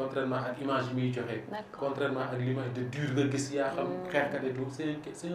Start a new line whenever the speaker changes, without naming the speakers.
contrairement
à l'image yi contrairement à l'image de dur de gis ya xam hmm. ka c'est c'est